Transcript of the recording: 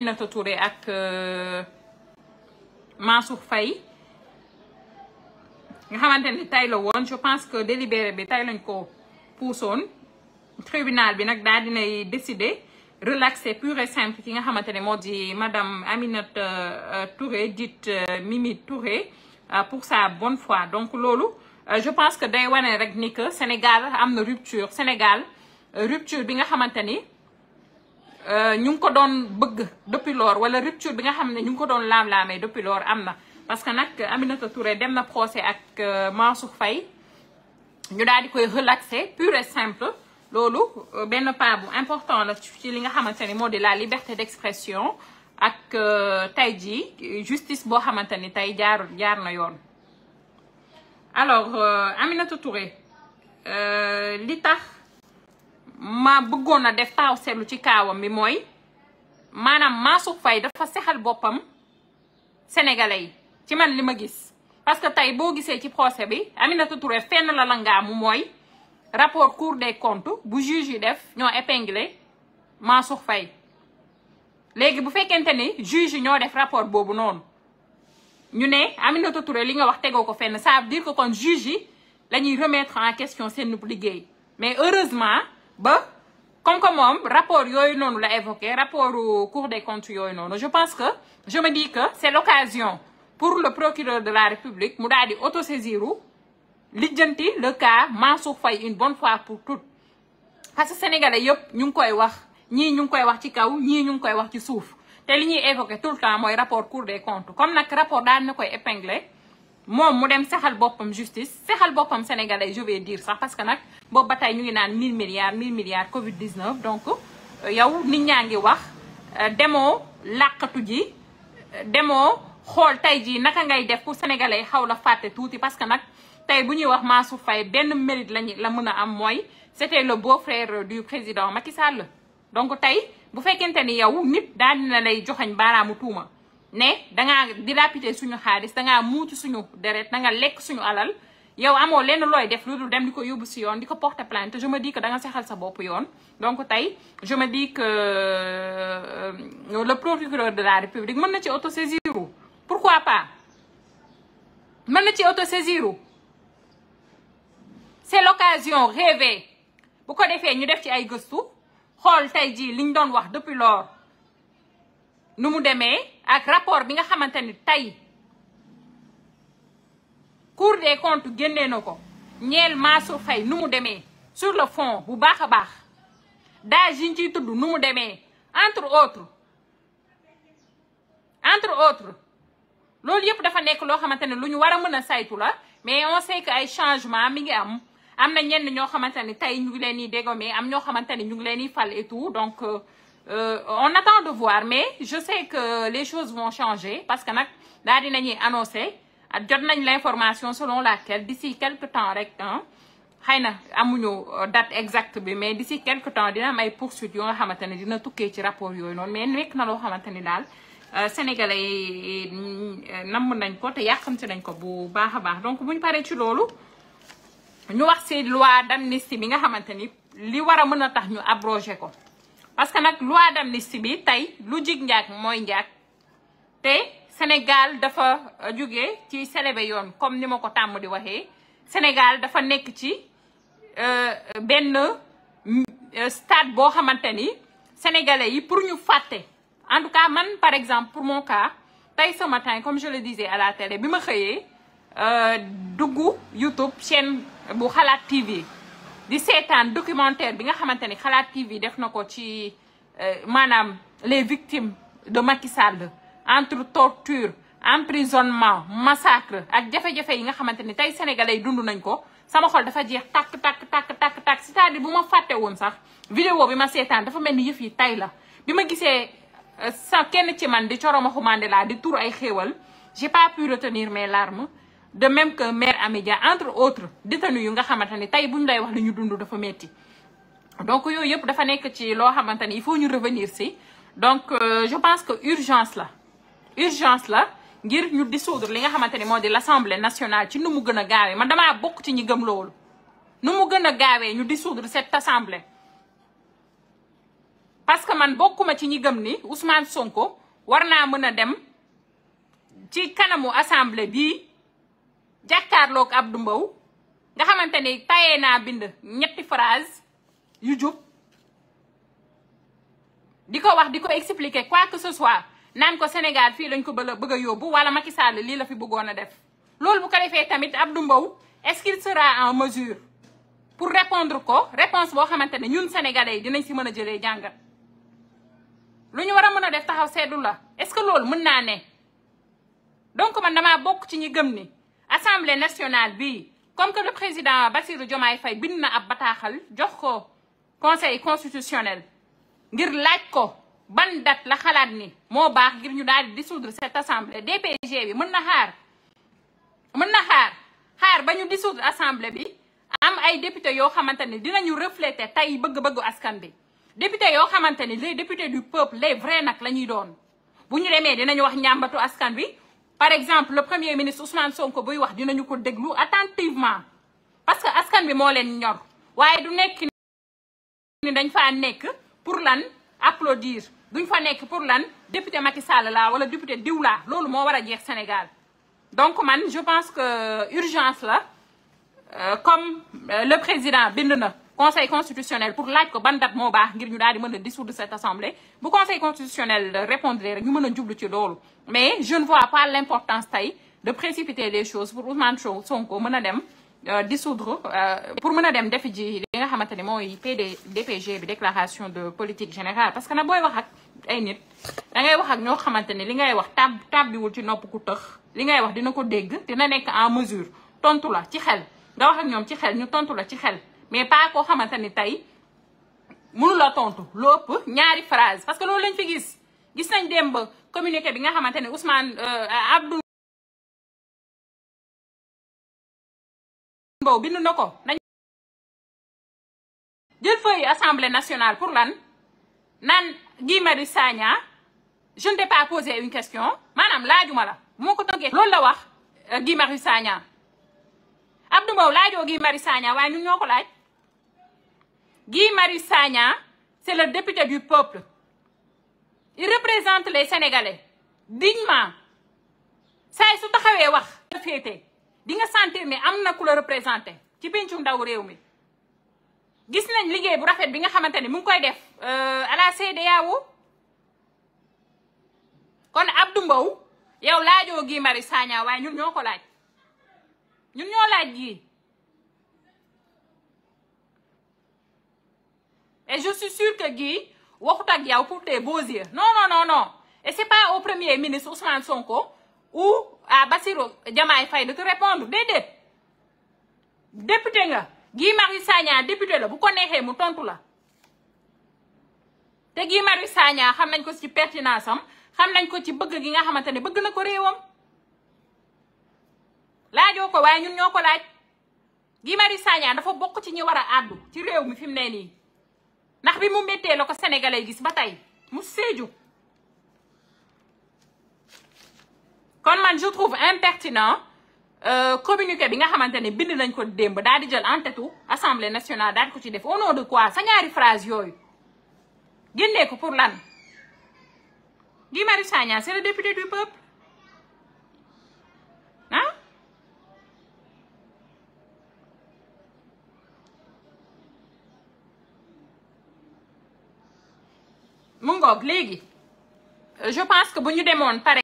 Aminata Touré ak euh, Mansour fay nga xamante ni tay woon je pense que délibéré bi tay lañ ko puusoon tribunal bi nag daal dinay décider relaxer pur et simple ki nga xamante ne moo di madame Aminata euh, Touré dite euh, Mimi Touré pour sa bonne fois donc loolu je pense que day wane rek ni que Sénégal am na rupture Sénégal rupture bi nga xamante ni Euh, ñu ngi ko doon bëgg depuis lors wala rupture bi nga xam ne ñu ngi ko doon laam-laamee depuis lors am na parce que nag Aminata Touré dem na procès ak euh, Mansour Faye ñu daal di koy relaxer pur et simple loolu euh, benn pas bu important la ci li nga xamante ni moo di la liberté d'expression ak tey jii justice boo xamante ni tey jaar jaar na yoon alors Aminata Touré li tax ma bëggoon a def taaw seetlu ci kaawam bi mooy maanaam Mansour Faye dafa sexal boppam sénégalais yi ci man li ma gis parce que tey boo gisee ci procès bi Aminata Touré fenn la la ngaamu mooy rapport cour des comptes bu juge yi def ñoo épinglé Mansour fay léegi bu fekkente ni juge yi ñoo def rapport boobu noonu ñu ne Aminata Touré li nga wax tegoo ko fenn ça veut dire que kon juge yi lañuy ñuy remettre en question seen liggéey mais heureusement ba comme que moom rapport yooyu noonu la évoqué rapport Cour des comptes yooyu noonu je pense que je me dis que c'est l'occasion pour le procureur de la République mu daal di autosaisiru lijjanti le cas Mansour Faye une bonne fois pour tout parce que sénégalais yëpp ñu ngi koy wax ñii ñu ngi koy wax ci kaw ñii ñu ngi koy wax ci suuf te li ñuy évoqué tout le temps mooy rapport Cour des comptes comme nag rapport daal na koy épinglé moom mu dem sexal boppam justice sexal boppam sénégalais je vais dire sax parce que nag boobu ba tey ñu ngi naan 1000 milliards 1000 milliards Covid 19 donc euh, yow nit ñaa ngi wax euh, demoo làqatu ji euh, demo xool tey jii naka ngay def pour sénégalais xaw la fàtte tuuti parce que nag tey bu ñuy wax Mansour Faye benn mérite lañu la mën a am mooy c'était le beau-frère du président Macky Sall donc tey bu fekkente ni yow nit daal dina lay joxañ baaraamu tuuma. ne dangaa dilapité suñu xaalis dangaa muucu suñu deret danga lekk suñu alal yow amoo lenn looy def lu dul dem di ko yóbbu si yoon di ko porter plainte je me dis que danga sexal sa bopp yoon donc tey je me dis que euh, le procureur de la république mën na ci autosaisir pourquoi pas mën na ci autosaisir c'est l'occasion rêvée bu ko defee ñu def ci ay gëstu xool tey jii liñ doon wax depuis lors nu mu demee ak rapport bi nga xamante ni tey Cour des génne na ko ñeel Mansour Faye nu mu demee sur le fond bu baax a baax daaj yi ciy tudd nu mu demee entre autres entre autres loolu yëpp dafa nekk loo xamante ne lu ñu war a mën a saytu la mais on sait que ay changement mi ngi am am na ñenn ñoo xamante ne tey ñu ngi leen di dégommer am ñoo xamante ne ñu ngi leen di fal et donc. Euh, Euh, on attend de voir mais je sais que les choses vont changer parce que nag daal di nañuy annoncé ak jot nañ l'information selon laquelle d'ici quelque temps rek ah xëy na amuñu euh, date exacte bi mais d'ici quelque temps dina may ay poursuites yoo nga xamante ne dina tukkee ci rapport yooyu noonu mais nekk na loo xamante ni daal euh, sénégalais yi euh, namm nañ ko te si nañ ko bu baax a baax donc bu ñu paree ci loolu ñu wax ci loi d'amnistie bi nga xamante ni li war a mën a tax ñu abrogé ko parce que nag loi d'amnistie bi tey lu jig njaag mooy njaag te Sénégal dafa euh, jóge ci selebe yoon comme ni ma ko tàmm di waxee Sénégal dafa nekk ci euh, benn mm, euh, stade boo xamante ni sénégalais yi pour ñu fàtte en tout cas man par exemple pour mon cas tey ce matin comme je le disais à la télé bi ma xëyee duggu YouTube chaîne bu Xalaat TV di seetaan documentaire bi nga xamante ni xalaat TV def na ko ci euh, maanaam les victimes de Macky Sall entre torture emprisonnement massacre ak jafe-jafe yi nga xamante ni tey sénégalais yi dund nañ ko sama xol dafa jeex takk takk takk takk takk c'est-à-dire bu ma fàtte woon sax vidéo bi ma seetaan dafa mel ni yëf yi tay la bi ma gisee euh, sa kenn ci man di coromaxu Mandela di tur ay xéewal j'ai pas pu retenir mes larmes de même que mère Amédia entre autres détenus yu nga xamante ni tey bu ñu lay wax li ñu dund dafa metti donc yooyu yëpp dafa nekk ci loo xamante ni il faut ñu revenir si donc euh, je pense que urgence la urgence la ngir ñu dissoudre li nga xamante ni moo di l'Assemblée nationale ci nu mu gën a gaawee man damaa bokk ci ñi gëm loolu nu mu gën a gaawee ñu dissoudre cette assemblée parce que man bokkuma ci ñi gëm ni Ousmane Sonko war naa mën a dem ci kanamu assemblée bii ab Abdou mbaw nga xamante ni tayee naa bind ñetti phrase yu jub di ko wax di ko expliquer quoi que ce soit naan ko Sénégal fii lañ ko bëgg a bëgg a yóbbu wala Macky Sall lii la fi bëggoon a def loolu bu ko defee tamit ab Mbow mbaw ce qu'il en mesure pour répondre ko réponse boo xamante ne ñun sénégalais yi dinañ ci mën a jëlee jàngat lu ñu war a mën a def taxaw seetlu la est-ce que lool mën naa ne donc man damaa bokk ci ñi gëm ni assemblée nationale bi comme que le président Bassirou jomaay fay bind na ab bataaxal jox ko conseil constitutionnel ngir laaj ko ban date la xalaat ni moo baax ngir ñu daal di dissoudre cette assemblée DPG bi mën na xaar mën na xaar xaar ba ñu dissoudre assemblée bi am ay député yoo xamante ni dinañu refléter tey bëgg-bëggu askan bi député yoo xamante ni les députés du peuple les vrais nag la ñuy doon bu ñu demee dinañu wax ñàmbatu askan bi par exemple le premier ministre Ousmane Sonko buy wax dinañu ko déglu attentivement parce que askan bi moo leen ñor waaye du nekk ni dañ fa nekk pour lan applaudir duñ fa nekk pour lan député Macky Sall la wala député diw loolu moo war a jeex Sénégal donc man je pense que urgence la euh, comme euh, le président bind na conseil constitutionnel pour laaj ko ban date moo baax ngir ñu daal di mën a dissoudre cette assemblée bu conseil constitutionnel répondre rek ñu mën a jublu ci loolu mais je ne vois pas l'importance tey de précipiter les choses pour Ousmane Sonko mën a dem euh, dissoudre euh, pour mën a dem defi ji li nga xamante ni mooy PD DPG bi déclaration de politique générale parce que na booy wax ak ay nit da ngay wax ak ñoo xamante ni li ngay wax tab tabbiwul ci nopp ku tëx li ngay wax dina ko dégg dina nekk en mesure tontu la ci xel nga wax ak ñoom ci xel ñu tontu la ci xel mais pas koo xamante ni tey mënula tontu lu ñaari phrase parce que loolu lañ fi gis gis nañ dem ba communiqué bi nga xamante ne Ousmane euh, Abdou Mbow bindu na ko nañ jël feuille assemblée nationale pour lan nan Guy Marius Sagna je ne t'ai pas posé une question maanaam laajuma la moo ko toggee loolu la wax euh, Guy Marius Sagna Abdou Mbow laajoo Guy Marius Sagna waaye ñun ñoo ko laaj Guy mari Sagna c'est le député du peuple il représente les Sénégalais dignement saa su taxawee wax la di nga sentir ni am na ku la représenté ci péncu ndaw réew mi gis nañ liggéey bu rafet bi nga xamante ne mu ngi koy def euh, à la CEDEAO kon Abdou Mbow yow laajoo gii mari Sagna waaye ñun ñoo ko laaj ñun ñoo laaj gii Et je suis sûre que Guy, waxut ak yow pour tes beaux yeux non non non non et c'est pas au premier ministre Ousmane Sonko ou à Bassirou Diomaye Faye de te répondre déedéet député nga Guy Marius Sagna député la bu ko neexee mu tontu la te Guy Marius Sagna xam nañ ko ci pertinence am xam nañ ko ci bëgg gi nga xamante ne bëgg na ko réewam laajoo ko waaye ñun ñoo ko laaj Guy Marius Sagna dafa bokk ci ñi war a àddu ci réew mi fi mu ne nii ndax bi mu méttee la ko sénégalais gis ba tey mu seeju kon man je trouve impertinent euh, communiqué bi nga xamante ne bind nañ ko demb daal di jël en tête assemblée nationale daal ko ci def au nom quoi sa ñaari phrase yooyu génnee ko pour lan Guy Marius Sagna c'est le député du peuple toog léegi je pense que bu ñu demoon pare